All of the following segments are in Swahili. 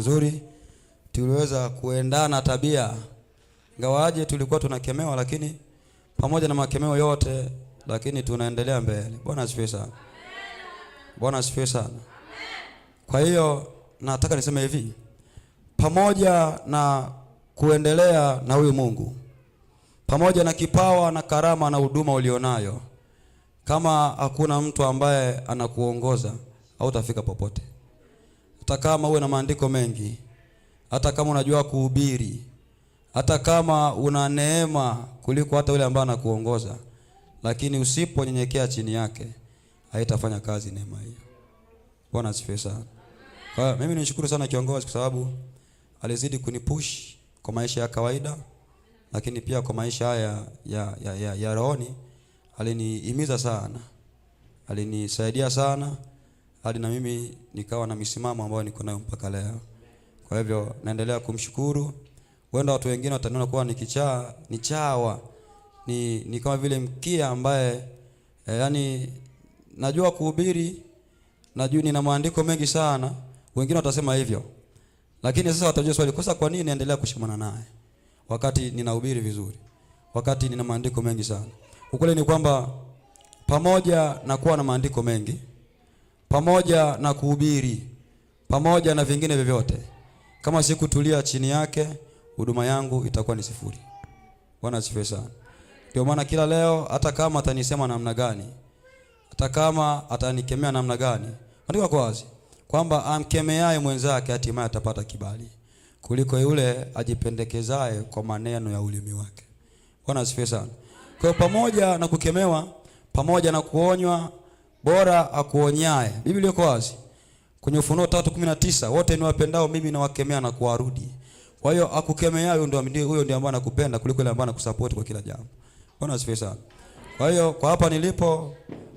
nzuri, tuliweza kuendana tabia, ingawaje tulikuwa tunakemewa, lakini pamoja na makemeo yote, lakini tunaendelea mbele. Bwana asifiwe sana. Bwana asifiwe sana. Kwa hiyo nataka niseme hivi, pamoja na kuendelea na huyu Mungu, pamoja na kipawa na karama na huduma ulionayo, kama hakuna mtu ambaye anakuongoza, hautafika popote hata kama uwe na maandiko mengi, hata kama unajua kuhubiri, hata kama una neema kuliko hata yule ambaye anakuongoza, lakini usiponyenyekea chini yake haitafanya kazi neema hiyo. Bwana asifiwe sana. Kwa hiyo mimi nishukuru sana kiongozi kwa sababu alizidi kunipush kwa maisha ya kawaida, lakini pia kwa maisha haya ya, ya, ya, ya rohoni. Alinihimiza sana, alinisaidia sana hadi na mimi nikawa na misimamo ambayo niko nayo mpaka leo. Kwa hivyo naendelea kumshukuru. Wenda watu wengine wataniona kuwa ni kichaa, ni chawa, ni, ni kama vile mkia ambaye eh, yani najua kuhubiri, najua nina maandiko mengi sana. Wengine watasema hivyo, lakini sasa watajua swali, kosa kwa nini naendelea kushimana naye wakati ninahubiri vizuri, wakati nina maandiko mengi sana. Ukweli ni kwamba pamoja na kuwa na maandiko mengi pamoja na kuhubiri, pamoja na vingine vyovyote, kama sikutulia chini yake, huduma yangu itakuwa ni sifuri. Bwana asifiwe sana. Ndio maana kila leo, hata kama atanisema namna gani, hata kama atanikemea namna gani, andika kwa wazi kwamba amkemeaye mwenzake hatimaye atapata kibali kuliko yule ajipendekezaye kwa maneno ya ulimi wake. Bwana asifiwe sana. Kwa hiyo pamoja na kukemewa, pamoja na kuonywa bora akuonyaye. Biblia iko wazi kwenye Ufunuo 3:19, kumi na tisa wote niwapendao mimi nawakemea na kuwarudi. Kwa hiyo akukemea huyo ndio huyo ndio ambaye anakupenda kuliko yule ambaye anakusupport kwa kila jambo. Bwana asifiwe sana. Kwa hiyo kwa hapa nilipo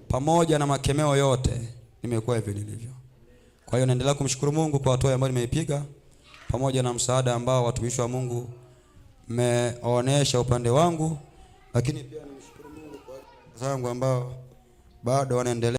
pamoja na makemeo yote nimekuwa hivi nilivyo. Kwa hiyo naendelea kumshukuru Mungu kwa hatua ambayo nimeipiga pamoja na msaada ambao watumishi wa Mungu mmeonesha upande wangu, lakini pia nimshukuru Mungu kwa zangu ambao bado wanaendelea